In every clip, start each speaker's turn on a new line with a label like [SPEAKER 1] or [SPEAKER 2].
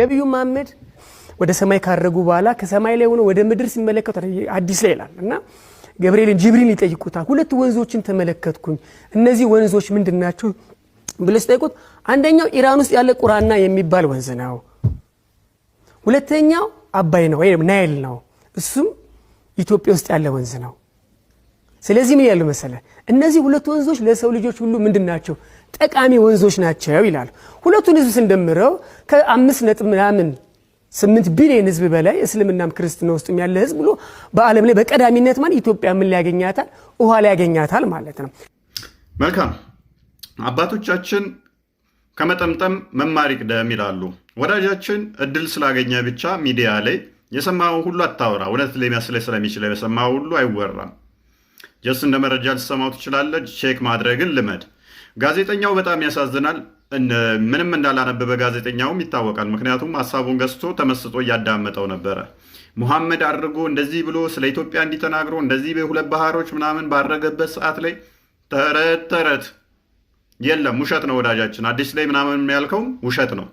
[SPEAKER 1] ነቢዩ መሐመድ ወደ ሰማይ ካረጉ በኋላ ከሰማይ ላይ ሆኖ ወደ ምድር ሲመለከቱ አዲስ ላይ ይላል እና ገብርኤልን ጅብሪል ይጠይቁታል። ሁለት ወንዞችን ተመለከትኩኝ፣ እነዚህ ወንዞች ምንድን ናቸው ብሎ ሲጠይቁት አንደኛው ኢራን ውስጥ ያለ ቁራና የሚባል ወንዝ ነው። ሁለተኛው አባይ ነው ወይም ናይል ነው። እሱም ኢትዮጵያ ውስጥ ያለ ወንዝ ነው። ስለዚህ ምን ያሉ መሰለ እነዚህ ሁለት ወንዞች ለሰው ልጆች ሁሉ ምንድን ናቸው? ጠቃሚ ወንዞች ናቸው ይላል። ሁለቱን ህዝብ ስንደምረው ከአምስት ነጥብ ምናምን ስምንት ቢሊዮን ህዝብ በላይ እስልምናም ክርስትና ውስጥም ያለ ህዝብ ብሎ በዓለም ላይ በቀዳሚነት ማለት ኢትዮጵያ ምን ሊያገኛታል? ውሃ ሊያገኛታል ማለት ነው።
[SPEAKER 2] መልካም አባቶቻችን ከመጠምጠም መማር ይቅደም ይላሉ። ወዳጃችን እድል ስላገኘ ብቻ ሚዲያ ላይ የሰማው ሁሉ አታወራ። እውነት ሊመስልህ ስለሚችል የሰማው ሁሉ አይወራም። ጀስ እንደ መረጃ ልሰማው ትችላለህ። ቼክ ማድረግን ልመድ። ጋዜጠኛው በጣም ያሳዝናል። ምንም እንዳላነበበ ጋዜጠኛውም ይታወቃል። ምክንያቱም ሀሳቡን ገዝቶ ተመስጦ እያዳመጠው ነበረ። ሙሐመድ አድርጎ እንደዚህ ብሎ ስለ ኢትዮጵያ እንዲተናግሮ እንደዚህ በሁለት ባህሮች ምናምን ባረገበት ሰዓት ላይ ተረት ተረት የለም ውሸት ነው ወዳጃችን። አዲስ ላይ ምናምን ያልከው ውሸት ነው።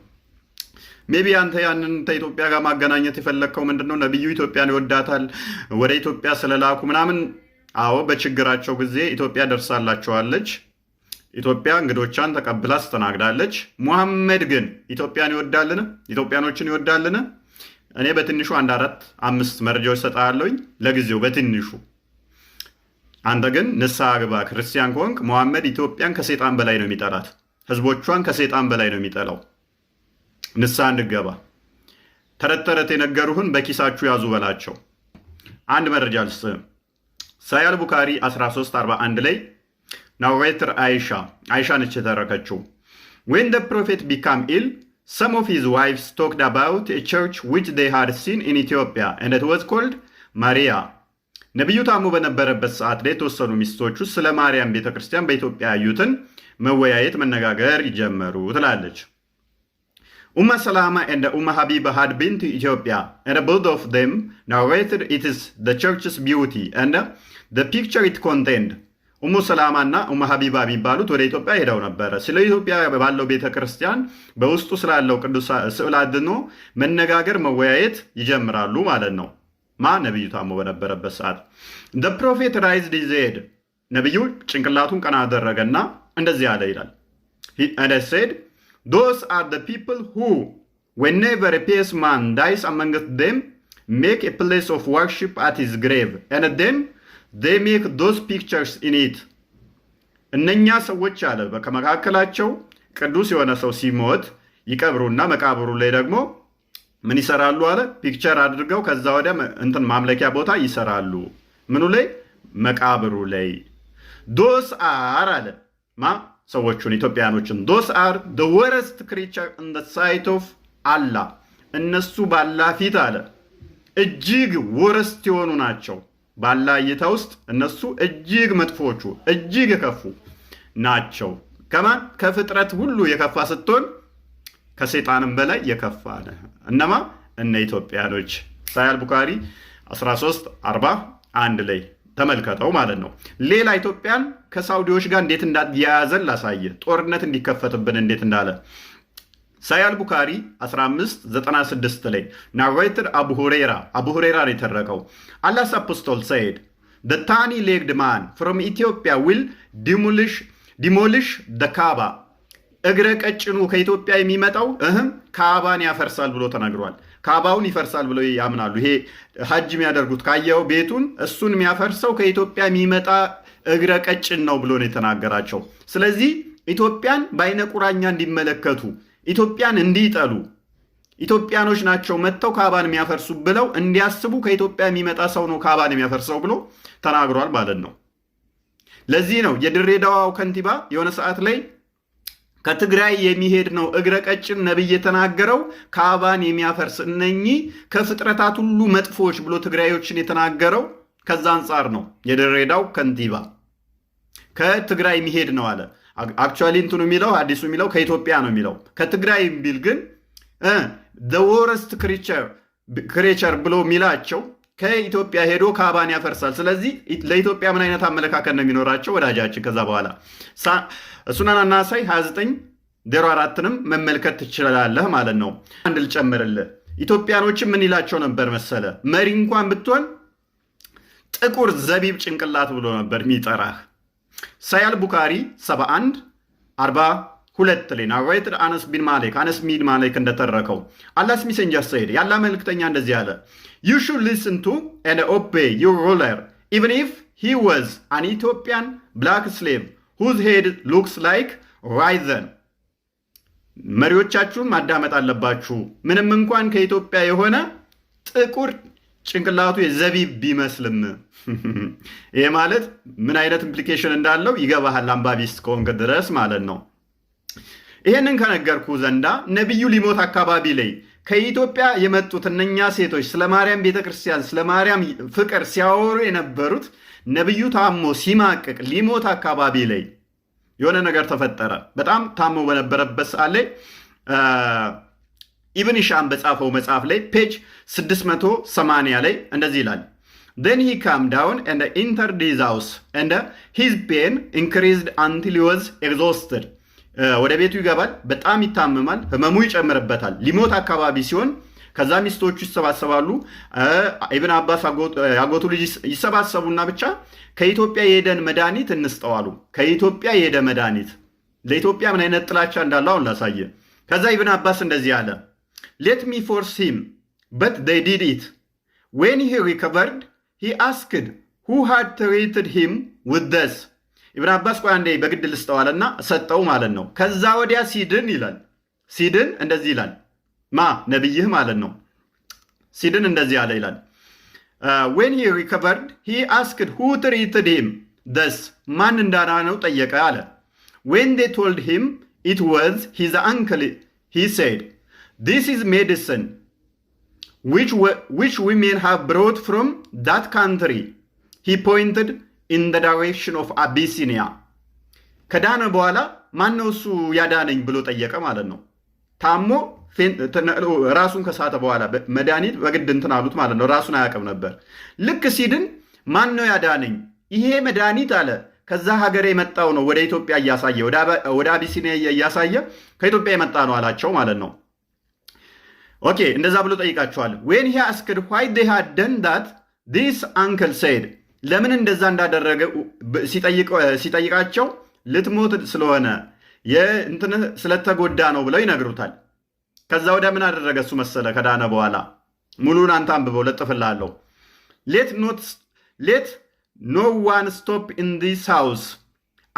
[SPEAKER 2] ሜቢ አንተ ያንን ከኢትዮጵያ ጋር ማገናኘት የፈለግከው ምንድን ነው? ነቢዩ ኢትዮጵያን ይወዳታል ወደ ኢትዮጵያ ስለላኩ ምናምን። አዎ በችግራቸው ጊዜ ኢትዮጵያ ደርሳላቸዋለች። ኢትዮጵያ እንግዶቿን ተቀብላ አስተናግዳለች። ሙሐመድ ግን ኢትዮጵያን ይወዳልን? ኢትዮጵያኖችን ይወዳልን? እኔ በትንሹ አንድ አራት አምስት መረጃዎች ሰጣለሁኝ ለጊዜው በትንሹ። አንተ ግን ንስሐ ግባ ክርስቲያን ከሆንክ። ሙሐመድ ኢትዮጵያን ከሴጣን በላይ ነው የሚጠላት፣ ህዝቦቿን ከሴጣን በላይ ነው የሚጠላው። ንስሐ እንድገባ ተረት ተረት የነገሩህን በኪሳችሁ ያዙ በላቸው። አንድ መረጃ ልስጥህም ሳያል ቡካሪ 1341 ላይ narrator Aisha. Aisha ነች የተረከችው. When the prophet became ill, some of his wives talked about a church which they had seen in Ethiopia and it was called ማሪያ ነቢዩ ታሞ በነበረበት ሰዓት ላይ የተወሰኑ ሚስቶቹ ስለ ማርያም ቤተ ክርስቲያን በኢትዮጵያ ያዩትን መወያየት መነጋገር ይጀመሩ ትላለች። ኡመ ሰላማ ኤንድ ኡመ ሀቢባ ሃድ ቢን ቱ ኢትዮጵያ ኤንድ ቦዝ ኦፍ ዜም ናሬትድ ኢትስ ዘ ቸርችስ ቢዩቲ ኤንድ ዘ ፒክቸር ኢት ኮንቴንድ ኡሙ ሰላማ እና ኡሙ ሀቢባ የሚባሉት ወደ ኢትዮጵያ ሄደው ነበረ። ስለ ኢትዮጵያ ባለው ቤተ ክርስቲያን በውስጡ ስላለው ቅዱስ ስዕል አድኖ መነጋገር መወያየት ይጀምራሉ ማለት ነው። ማ ነቢዩ ታሞ በነበረበት ሰዓት ደ ፕሮፌት ራይዝ ዲዜድ ነቢዩ ጭንቅላቱን ቀና አደረገና እንደዚህ አለ ይላል ሴድ ዶስ አር ደ ፒፕል ሁ ዌኔቨር ማን ዳይስ አመንገት ደም ሜክ ፕሌስ ኦፍ ዋርሺፕ አት ሂዝ ግሬቭ ን ደም they make those pictures in it እነኛ ሰዎች አለ ከመካከላቸው ቅዱስ የሆነ ሰው ሲሞት ይቀብሩና መቃብሩ ላይ ደግሞ ምን ይሰራሉ አለ ፒክቸር አድርገው ከዛ ወዲያ እንትን ማምለኪያ ቦታ ይሰራሉ ምኑ ላይ መቃብሩ ላይ ዶስ አር አለ ማ ሰዎቹን ኢትዮጵያኖችን ዶስ አር ደ ወረስት ክሪቸር እንደ ሳይት ኦፍ አላ እነሱ ባላ ፊት አለ እጅግ ወረስት የሆኑ ናቸው ባላ እይታ ውስጥ እነሱ እጅግ መጥፎቹ እጅግ የከፉ ናቸው። ከማን ከፍጥረት ሁሉ የከፋ ስትሆን ከሰይጣንም በላይ የከፋ ነህ። እነማ እነ ኢትዮጵያኖች ሳያል ቡካሪ 1341 ላይ ተመልከተው ማለት ነው። ሌላ ኢትዮጵያን ከሳውዲዎች ጋር እንዴት እንዳያያዘን ላሳየ ጦርነት እንዲከፈትብን እንዴት እንዳለ ሳያል ቡካሪ 1596 ላይ ናሬትር አቡ ሁሬራ አቡ ሁሬራ የተረከው አላስ አፖስቶል ሰይድ ደ ታኒ ሌግድ ማን ፍሮም ኢትዮጵያ ዊል ዲሞሊሽ ደ ካባ እግረ ቀጭኑ ከኢትዮጵያ የሚመጣው እህም ካባን ያፈርሳል ብሎ ተናግሯል። ካባውን ይፈርሳል ብለው ያምናሉ። ይሄ ሀጅ የሚያደርጉት ካየው ቤቱን እሱን የሚያፈርሰው ከኢትዮጵያ የሚመጣ እግረ ቀጭን ነው ብሎ ነው የተናገራቸው። ስለዚህ ኢትዮጵያን በአይነ ቁራኛ እንዲመለከቱ ኢትዮጵያን እንዲጠሉ ኢትዮጵያኖች ናቸው መጥተው ካባን የሚያፈርሱ ብለው እንዲያስቡ ከኢትዮጵያ የሚመጣ ሰው ነው ካባን የሚያፈርሰው ብሎ ተናግሯል ማለት ነው። ለዚህ ነው የድሬዳዋው ከንቲባ የሆነ ሰዓት ላይ ከትግራይ የሚሄድ ነው እግረ ቀጭን ነብይ የተናገረው ካባን የሚያፈርስ እነኚህ ከፍጥረታት ሁሉ መጥፎች ብሎ ትግራዮችን የተናገረው ከዛ አንጻር ነው። የድሬዳው ከንቲባ ከትግራይ የሚሄድ ነው አለ። አክቹዋሊ እንትኑ የሚለው አዲሱ የሚለው ከኢትዮጵያ ነው የሚለው ከትግራይ ቢል ግን ወረስት ክሬቸር ብሎ የሚላቸው ከኢትዮጵያ ሄዶ ካባን ያፈርሳል። ስለዚህ ለኢትዮጵያ ምን አይነት አመለካከት ነው የሚኖራቸው ወዳጃችን? ከዛ በኋላ ሱናናና አናሳይ 29 ዜሮ አራትንም መመልከት ትችላለህ ማለት ነው። አንድ ልጨምርልህ። ኢትዮጵያኖችን ምን ይላቸው ነበር መሰለ? መሪ እንኳን ብትሆን ጥቁር ዘቢብ ጭንቅላት ብሎ ነበር የሚጠራህ። ሳያል ቡካሪ 71 42 ላይ ናዋይትር አነስ ቢን ማሌክ አነስ ቢን ማሌክ እንደተረከው አላስ ሚሴንጀር ሰይድ ያላ መልክተኛ እንደዚህ አለ ዩ ሹድ ሊስን ቱ ኤንድ ኦቤይ ዩር ሩለር ኢቨን ኢፍ ሂ ዋዝ አን ኢትዮጵያን ብላክ ስሌቭ ሁዝ ሄድ ሉክስ ላይክ ራይዘን መሪዎቻችሁን ማዳመጥ አለባችሁ ምንም እንኳን ከኢትዮጵያ የሆነ ጥቁር ጭንቅላቱ የዘቢብ ቢመስልም ይሄ ማለት ምን አይነት ኢምፕሊኬሽን እንዳለው ይገባሃል፣ አንባቢስ ከሆንክ ድረስ ማለት ነው። ይሄንን ከነገርኩ ዘንዳ ነቢዩ ሊሞት አካባቢ ላይ ከኢትዮጵያ የመጡት እነኛ ሴቶች ስለ ማርያም ቤተክርስቲያን፣ ስለ ማርያም ፍቅር ሲያወሩ የነበሩት ነቢዩ ታሞ ሲማቅቅ ሊሞት አካባቢ ላይ የሆነ ነገር ተፈጠረ። በጣም ታሞ በነበረበት ሰዓት ላይ ኢብን ሂሻም በጻፈው መጽሐፍ ላይ ፔጅ 680 ላይ እንደዚህ ይላል። ዜን ሂ ካም ዳውን ኤንድ ኢንተርድ ሃውስ ኤንድ ሂዝ ፔን ኢንክሪዝድ አንቲል ሂ ኤግዞስትድ። ወደ ቤቱ ይገባል፣ በጣም ይታመማል፣ ህመሙ ይጨምርበታል። ሊሞት አካባቢ ሲሆን ከዛ ሚስቶቹ ይሰባሰባሉ። uh, ኢብን አባስ uh, አጎቱ ልጅ ይሰባሰቡና ብቻ ከኢትዮጵያ የሄደን መድኃኒት እንስጠዋሉ። ከኢትዮጵያ የሄደ መድኃኒት ለኢትዮጵያ ምን አይነት ጥላቻ እንዳለ አሁን ላሳየ። ከዛ ኢብን አባስ እንደዚህ አለ Let me force him. But they did it. When he recovered, he asked who had treated him with this. ኢብን አባስ ቆይ አንዴ በግድ ልስጠዋለና ሰጠው ማለት ነው። ከዛ ወዲያ ሲድን ይላል። ሲድን እንደዚህ ይላል። ማ ነቢይህ ማለት ነው። ሲድን እንደዚህ አለ ይላል። ዌን ሂ ሪከቨርድ ሂ አስክድ ሁ ትሪትድ ሂም ደስ ማን እንዳዳነው ጠየቀ አለ። ዌን ዴ ቶልድ ሂም ኢት ወዝ ሂዝ አንክል ሂ ሴድ This is medicine which, which women have brought from that country. He pointed in the direction of Abyssinia. ከዳነ በኋላ ማነው እሱ ያዳነኝ ብሎ ጠየቀ ማለት ነው። ታሞ ራሱን ከሳተ በኋላ መድኃኒት በግድ እንትን አሉት ማለት ነው። ራሱን አያውቅም ነበር። ልክ ሲድን ማነው ያዳነኝ? ይሄ መድኃኒት አለ ከዛ ሀገር የመጣው ነው። ወደ ኢትዮጵያ እያሳየ ወደ አቢሲኒያ እያሳየ ከኢትዮጵያ የመጣ ነው አላቸው ማለት ነው። ኦኬ እንደዛ ብሎ ጠይቃቸዋል። ዌን ሂ አስክድ ዋይ ዴ ሃድ ደን ዳት ዲስ አንክል ሰይድ ለምን እንደዛ እንዳደረገ ሲጠይቃቸው ልትሞት ስለሆነ የእንትን ስለተጎዳ ነው ብለው ይነግሩታል። ከዛ ወዲያ ምን አደረገ እሱ መሰለ ከዳነ በኋላ ሙሉን አንተ አንብበው ለጥፍላለሁ። ሌት ኖ ዋን ስቶፕ ኢን ዲስ ሃውስ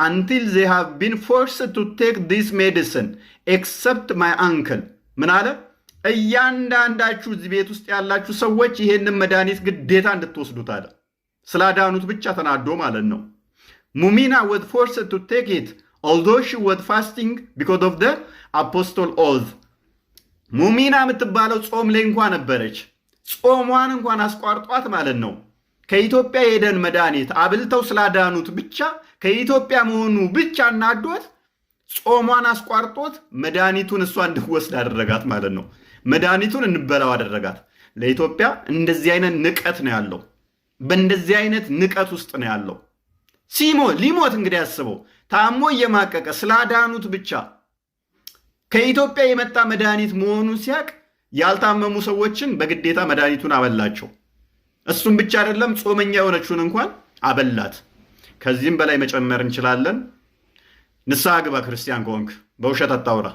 [SPEAKER 2] አንቲል ዜ ሃቭ ቢን ፎርስ ቱ ቴክ ዲስ ሜዲሲን ኤክሰፕት ማይ አንክል ምን አለ እያንዳንዳችሁ እዚህ ቤት ውስጥ ያላችሁ ሰዎች ይሄንን መድኃኒት ግዴታ እንድትወስዱት አለ። ስላዳኑት ብቻ ተናዶ ማለት ነው። ሙሚና ወዝ ፎርስ ቱ ቴክ ኢት ኦልዶ ሺ ወዝ ፋስቲንግ ቢኮዝ ኦፍ ደ አፖስቶል ኦዝ ሙሚና የምትባለው ጾም ላይ እንኳ ነበረች። ጾሟን እንኳን አስቋርጧት ማለት ነው። ከኢትዮጵያ የሄደን መድኃኒት አብልተው ስላዳኑት ብቻ ከኢትዮጵያ መሆኑ ብቻ እናዶት ጾሟን አስቋርጦት መድኃኒቱን እሷ እንድወስድ አደረጋት ማለት ነው። መድኃኒቱን እንበላው አደረጋት። ለኢትዮጵያ እንደዚህ አይነት ንቀት ነው ያለው። በእንደዚህ አይነት ንቀት ውስጥ ነው ያለው። ሲሞ ሊሞት እንግዲህ ያስበው ታሞ እየማቀቀ ስላዳኑት ብቻ ከኢትዮጵያ የመጣ መድኃኒት መሆኑን ሲያቅ ያልታመሙ ሰዎችን በግዴታ መድኃኒቱን አበላቸው። እሱም ብቻ አይደለም ጾመኛ የሆነችውን እንኳን አበላት። ከዚህም በላይ መጨመር እንችላለን። ንስሐ ግባ ክርስቲያን ከሆንክ በውሸት አታውራ።